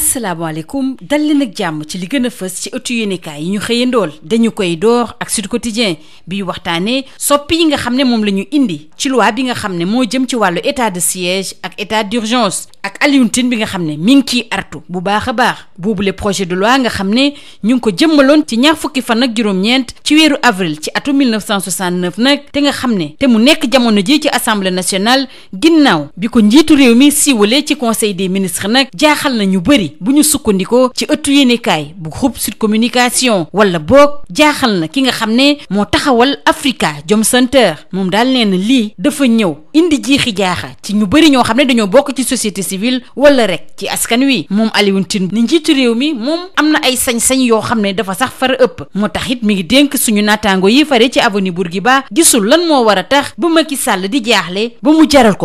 asalaamaaleykum dal leen ak jàmm ci li gën a fës ci ëttu yéenekaay yi ñu xëyandool dañu koy door ak Sud Quotidien bi waxtaanee soppi yi nga xam ne moom la ñu indi ci loi bi nga xam ne moo jëm ci wàllu état de siège ak état d'urgence ak Alioune bi nga xam ne mi ngi ciy artu bu baax a baax boobule projet de loi nga xam ne ñu ngi ko jëmmaloon ci ñaar fukki fan ak juróom-ñeent ci weeru avril ci atum 1969 nag te nga xam ne te mu nekk jamono ji ci assemblée nationale ginnaaw bi ko njiitu réew mi siiwalee ci conseil des ministre nag jaaxal na bëri bëri bu ñu sukkandikoo ci ëttu yéenekaay bu groupe Sud Communication wala boog jaaxal na ki nga xam ne moo taxawal Africa Jom Center moom daal nee na lii dafa ñëw indi jiixi jaaxa ci ñu bari ñoo xam ne dañoo bokk ci société civile wala rek ci askan wi moom Alioune Tine ni njiitu réew mi moom am na ay sañ-sañ yoo xam ne dafa sax fara ëpp moo tax it mi ngi dénk suñu naataango yi fare ci avenue Bourguiba gisul lan moo war a tax ba Macky sàll di jaaxle ba mu jaral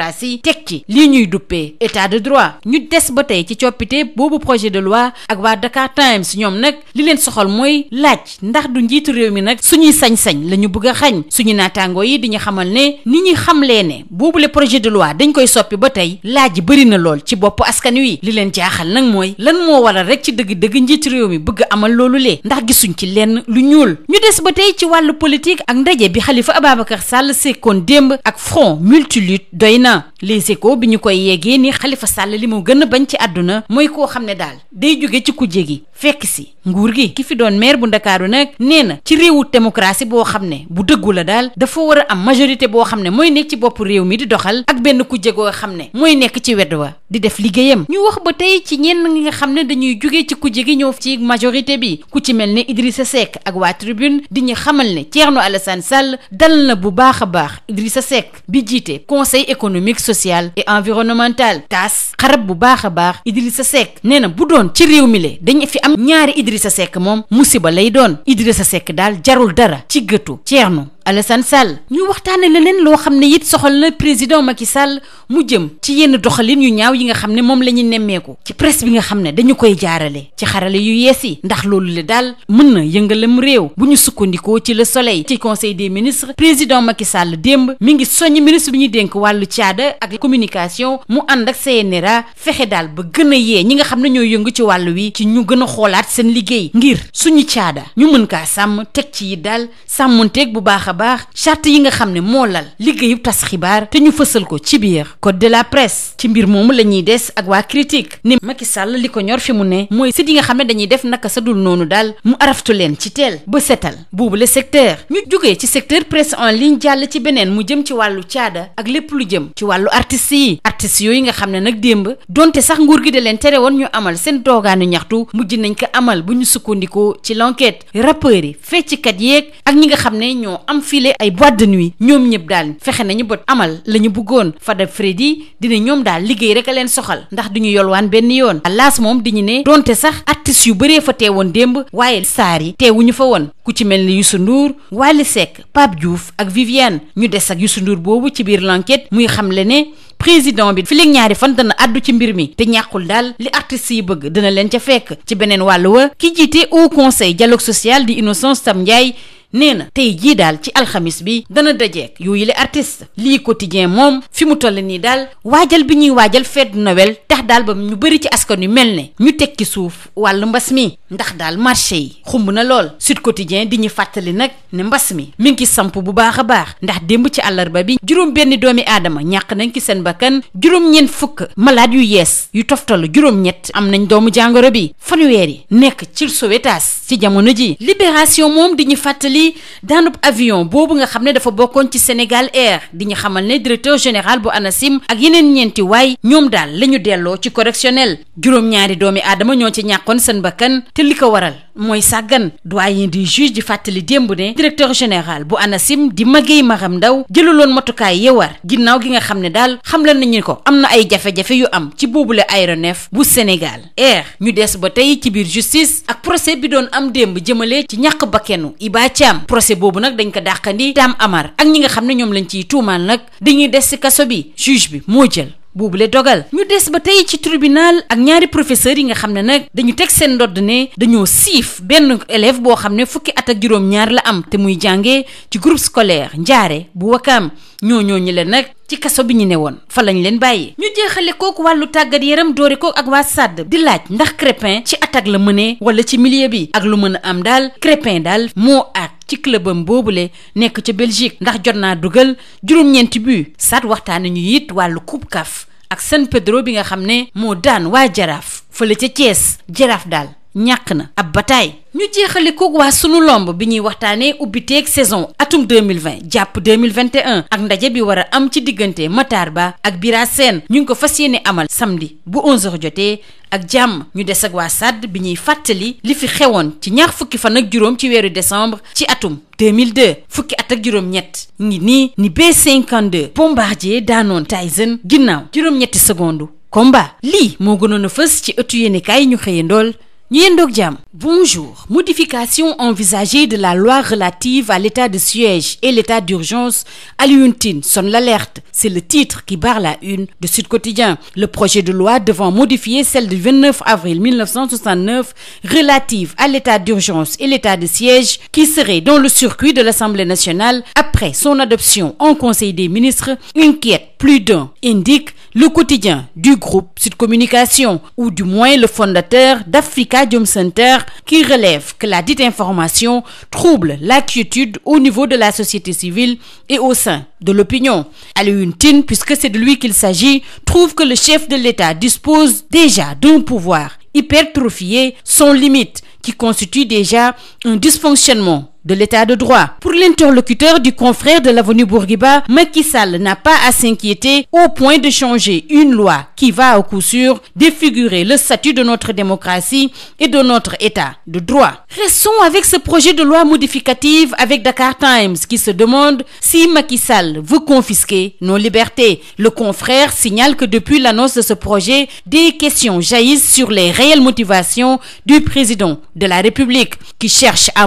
démocratie teg ci lii ñuy duppee état de droit ñu des ba tey ci coppite boobu projet de loi ak waa Dakar Times ñoom nag li leen soxal mooy laaj ndax du njiitu réew mi nag suñuy sañ-sañ la ñu bëgg a xañ suñu naataangoo yi di ñu xamal ne ni ñuy xamlee ne boobule projet de loi dañ koy soppi ba tey laaj yi na lool ci bopp askan wi li leen jaaxal nag mooy lan moo waral rek ci dëgg-dëgg njiitu réew mi bëgg amal loolu lee ndax gisuñ ci lenn lu ñuul ñu des ba politique ak ndaje bi Khalifa Ababacar Sall na Les Échos bi ñu koy yéegee ni Khalifa Sall li mu gën a bañ ci àdduna mooy koo xam ne daal day jóge ci kujje gi fekk si nguur gi ki fi doon maire bu ndakaaru nag nee na ci réewu démocratie boo xam ne bu dëggu la daal dafa war a am majorité boo xam ne mooy nekk ci bopp réew mi di doxal ak benn kujje goo xam ne mooy nekk ci wedd wa di def liggéeyam ñu wax ba tey ci ñenn ñi nga xam ne dañuy jóge ci kujje gi ñëw ci majorité bi ku ci mel ne Idrissa seek ak waa tribune di ñu xamal ne Thierno Alassane Sall dal na bu baax a baax Idrissa Seck bi jiite conseil économique économique sociale et environnementale taas xarab bu baax a baax Idrissa Seck nee na bu doon ci réew mi le dañ fi am ñaari sa Seck moom musiba lay doon sa Seck daal jarul dara ci gëtu Ceerno Alassane Sall ñu waxtaane leneen loo xam ne it soxal na président Macky Sall mu jëm ci yenn doxalin yu ñaaw yi nga xam ne moom la ñu nemmeeku ci presse bi nga xam ne dañu koy jaarale ci xarale yu yees yi ndax loolu la daal mën na yëngalam réew bu ñu sukkandikoo ci le soleil ci conseil des ministres président Macky Sall démb mi ngi soññ ministre bi ñuy dénk wàllu caada ak communication mu ànd ak seen CNRA fexe daal ba gën a yee ñi nga xam ne ñoo yëngu ci wàllu wi ci ñu gën a xoolaat seen liggéey ngir suñu caada ñu mën kaa sàmm teg ci yi daal sàmmonteeg bu baax a baax charte yi nga xam ne moo lal liggéeyu tas xibaar te ñu fësal ko ci biir code de la presse ci mbir moomu la des ak waa critique ni Macky Sall li ko ñor fi mu ne mooy sit yi nga xam ne dañuy def naka sa dul noonu daal mu araftu leen ci teel ba setal boobu le secteur ñu jógee ci secteur presse en ligne jàll ci beneen mu jëm ci wàllu caada ak lépp lu jëm ci wàllu artistes yi artistes yooyu nga xam ne nag démb donte sax nguur gi da leen tere woon ñu amal seen doogaanu ñaxtu mujj nañ ko am am file ay boîte de nuit ñoom ñëpp daal fexe nañu bët amal la ñu bëggoon Fada Freddy dina ñoom daal liggéey rek a leen soxal ndax duñu yolwaan benn yoon laas moom di ñu ne donte sax artistes yu bëree fa teewoon démb waaye saar yi teewuñu fa woon ku ci mel ni Youssou Ndour Wally Seck Pape Diouf ak Viviane ñu des ak Youssou Ndour boobu ci biir l'enquête muy xam xamle ne président bi fileeg ñaari fan dana àddu ci mbir mi te ñàkkul daal li artistes yi bëgg dina leen ca fekk ci beneen wàll wa ki jiite au conseil dialogue social di Innocence Ntap Ndiaye nee na tey jii daal ci alxamis bi dana dajeek yooyu le artiste lii quotidien moom fi mu toll nii daal waajal bi ñuy waajal fête Noël tax daal ba ñu bëri ci askan yu mel ne ñu teg ci suuf wàllu mbas mi ndax daal marché yi xumb na lool Sud Quotidien di ñu fàttali nag ne mbas mi mi ngi samp bu baax a baax ndax démb ci àllarba bi juróom benni doomi aadama ñàkk nañ ci seen bakkan juróom-ñeent fukk malade yu yees yu toftalu juróom-ñett am nañ doomu jàngoro bi fanweer yi nekk ci Sowétas ci jamono ji li daanub avion boobu nga xam ne dafa bokkoon ci Sénégal Air di ñu xamal ne directeur général bu ANACIM ak yeneen ñeenti waay ñoom daal la ñu delloo ci correctionnel juróom-ñaari doomi aadama ñoo ci ñàkkoon seen bakkan te li ko waral mooy sàggan doyen di juge di fàttali démb ne directeur général bu ANACIM di Maguèye Maram Ndaw jëluloon matukaay yewar ginnaaw gi nga xam ne daal xam la xamle nañu ko am na ay jafe-jafe yu am ci boobule aéronef bu Sénégal am procès boobu nag dañ ko dàqandi Dame Amar ak ñi nga xam ne ñoom lañ ciy tuumaal nag dañuy des ci kaso bi juge bi moo jël boobule dogal ñu des ba tey ci tribunal ak ñaari professeurs yi nga xam ne nag dañu teg seen ndodd ne dañoo siif benn élève boo xam ne fukki at ak juróom-ñaar la am te muy jàngee ci groupe scolaire njaare bu wakaam ñoo ñooñu leen nag ci kaso bi ñu ne woon fa lañ leen bàyyi ñu jeexale kooku wàllu tàggat yaram doore kook ak wa sàdd di ndax Crépin ci attaque la mënee wala ci milieu bi ak lu a ci clubam boobule nekk ca Belgique ndax jot naa dugal juróom-ñeenti sat waxtaan nañu it wàllu coupe CAF ak San Pedro bi nga xam ne moo daan waa jaraaf fële ca Thiès jaraaf daal ñàkk na ab bataay ñu jeexale koog waa sunu lomb bi ñuy waxtaanee ubbiteeg saison atum 2020 jàpp 2021 ak ndaje bi war a am ci diggante Matar Ba ak Bira Sène ñu ngi ko fas yéene amal samedi bu 11h jotee ak jàmm ñu des ak waa SAD bi ñuy fàttali li fi xewoon ci ñaar fukki fan ak juróom ci weeru décembre ci atum 2002 fukki at ak juróom-ñett ngi nii ni B52 bombardier daanoon Tyson ginnaaw juróom-ñetti seconde combat lii moo gënoon a fës ci ëttu yéenekaay ñu xëyandool Yendoog jàmm. Bonjour. Modification envisagée de la loi relative à l'état de siège et l'état d'urgence, Alioune Tine sonne l'alerte. C'est le titre qui barre la une de Sud Quotidien. Le projet de loi devant modifier celle du 29 avril 1969 relative à l'état d'urgence et l'état de siège qui serait dans le circuit de l'Assemblée nationale après son adoption en Conseil des ministres inquiète plus d'un, indique le quotidien du groupe Sud Communication, ou du moins le fondateur d'Africa Jom Center, qui relève que la dite information trouble la quiétude au niveau de la société civile et au sein de l'opinion. Alioune Tine, puisque c'est de lui qu'il s'agit, trouve que le chef de l'État dispose déjà d'un pouvoir hypertrophié sans limite qui constitue déjà un dysfonctionnement de l'état de droit. Pour l'interlocuteur du confrère de l'avenue Bourguiba, Macky Sall n'a pas à s'inquiéter au point de changer une loi qui va au coup sûr défigurer le statut de notre démocratie et de notre état de droit. Restons avec ce projet de loi modificative avec Dakar Times qui se demande si Macky Sall veut confisquer nos libertés. Le confrère signale que depuis l'annonce de ce projet, des questions jaillissent sur les réelles motivations du président de la République qui cherche à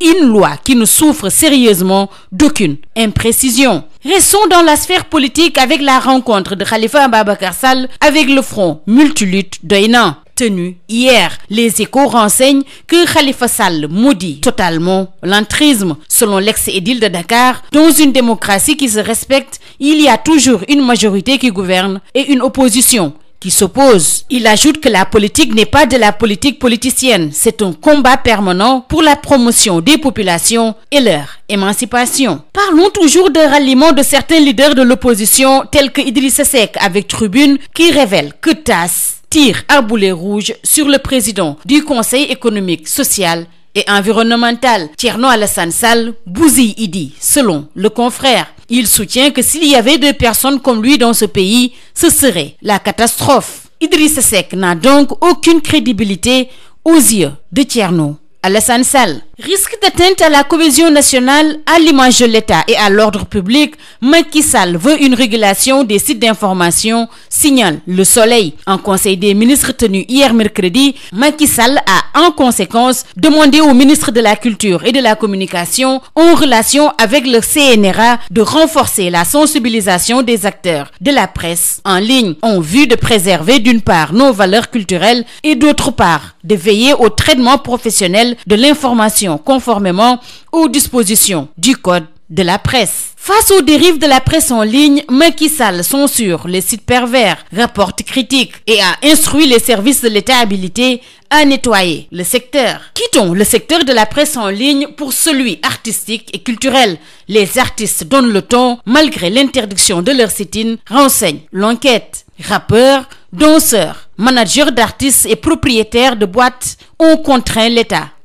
une loi qui ne souffre sérieusement d'aucune imprécision. Restons dans la sphère politique avec la rencontre de Khalifa Ababacar Sall avec le front Multilutte Doyna. Tenue hier, les échos renseignent que Khalifa Sall maudit totalement l'entrisme. Selon l'ex-édile de Dakar, dans une démocratie qui se respecte, il y a toujours une majorité qui gouverne et une opposition qui s'opposent. Il ajoute que la politique n'est pas de la politique politicienne, c'est un combat permanent pour la promotion des populations et leur émancipation. Parlons toujours de ralliement de certains leaders de l'opposition tels que Idrissa Seck avec Tribune qui révèle que TAS tire à boulet rouge sur le président du Conseil économique, social et environnemental, Thierno Alassane Sall, bousille Idi, selon le confrère. Il soutient que s'il y avait deux personnes comme lui dans ce pays, ce serait la catastrophe. Idriss n'a donc aucune crédibilité aux yeux de Thierno. Alassane Sall. Risque d'atteinte à la cohésion nationale, à l'image de l'État et à l'ordre public, Macky Sall veut une régulation des sites d'information, signale Le Soleil. En conseil des ministres tenu hier mercredi, Macky Sall a en conséquence demandé au ministre de la Culture et de la Communication, en relation avec le CNRA, de renforcer la sensibilisation des acteurs de la presse en ligne, en vue de préserver d'une part nos valeurs culturelles et d'autre part de veiller au traitement professionnel réelle de l'information conformément aux dispositions du Code de la presse. Face aux dérives de la presse en ligne, Macky Sall censure les sites pervers, rapporte critique et a instruit les services de l'État habilités à nettoyer le secteur. Quittons le secteur de la presse en ligne pour celui artistique et culturel. Les artistes donnent le ton malgré l'interdiction de leur sit-in, renseigne l'enquête. Rappeurs, danseurs, managers d'artistes et propriétaires de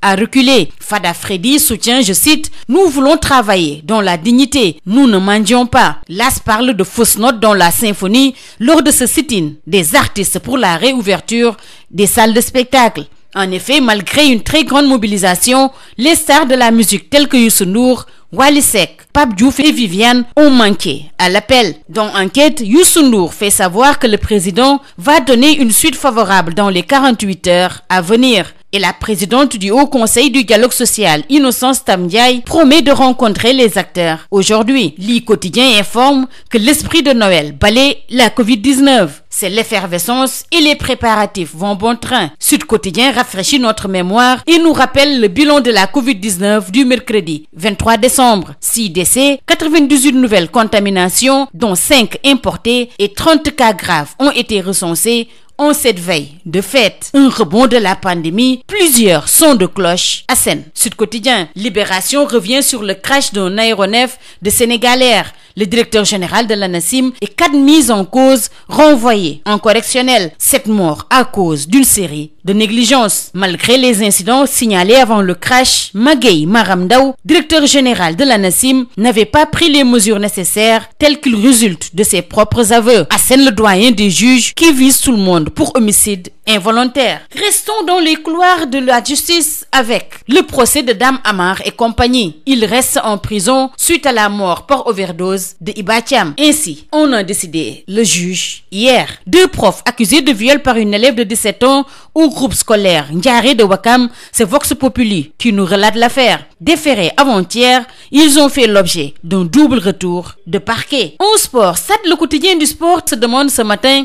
à reculer. Fada Freddy soutient, je cite, Nous voulons travailler dans la dignité, nous ne mendions pas. L'AS parle de fausses notes dans la symphonie lors de ce sit des artistes pour la réouverture des salles de spectacle. En effet, malgré une très grande mobilisation, les stars de la musique telles que Youssou Ndour, Wally Seck, Pape Diouf et Viviane ont manqué à l'appel. Dans Enquête, Youssou Ndour fait savoir que le président va donner une suite favorable dans les 48 heures à venir. Et la présidente du Haut Conseil du Dialogue Social, Innocence Tam Ndiaye, promet de rencontrer les acteurs. Aujourd'hui, Le Quotidien informe que l'esprit de Noël balaie la Covid-19. c'est l'effervescence et les préparatifs vont bon train. Sud Quotidien rafraîchit notre mémoire et nous rappelle le bilan de la Covid-19 du mercredi 23 décembre. 6 décès, 98 nouvelles contaminations, dont 5 importées et 30 cas graves ont été recensés en cette veille de fête, un rebond de la pandémie, plusieurs sons de cloche à Sen. Sud Quotidien, Libération revient sur le crash d'un aéronef de Sénégalair. Le directeur général de l'ANASIM et quatre mises en cause renvoyées en correctionnel. Sept morts à cause d'une série de négligences. Malgré les incidents signalés avant le crash, Maguey Maramdaou, directeur général de l'ANASIM, n'avait pas pris les mesures nécessaires telles qu'il résulte de ses le doyen amende pour homicide involontaire. Restons dans les couloirs de la justice avec le procès de Dame Amar et compagnie. Il reste en prison suite à la mort par overdose de Iba Thiam. Ainsi, on a décidé le juge hier. Deux profs accusés de viol par une élève de 17 ans au groupe scolaire Ndiaré de Wakam, c'est Vox Populi qui nous relate l'affaire. Déférés avant-hier, ils ont fait l'objet d'un double retour de parquet. En sport, Stade le quotidien du sport se demande ce matin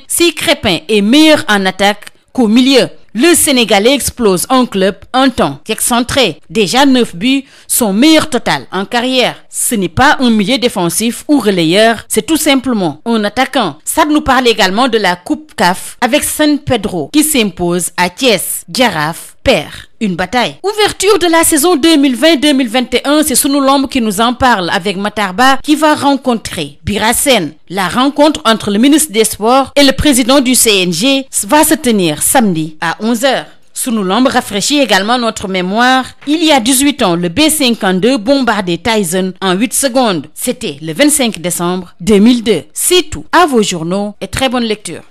qu'au milieu. Le Sénégalais explose en club un temps, excentré, déjà 9 buts, son meilleur total en carrière. Ce n'est pas un milieu défensif ou relayeur, c'est tout simplement un attaquant. Sad nous parle également de la Coupe CAF avec San Pedro qui s'impose à Thiès, Jaraaf perd une bataille. Ouverture de la saison 2020-2021, c'est Sunu Lamb qui nous en parle avec Matarba qui va rencontrer Birasen. La rencontre entre le ministre des Sports et le président du CNG va se tenir samedi à 11h. Sunu Lamb rafraîchit également notre mémoire. Il y a 18 ans, le B52 Tyson en 8 secondes. C'était le 25 décembre 2002. C'est tout. À vos journaux et très bonne lecture.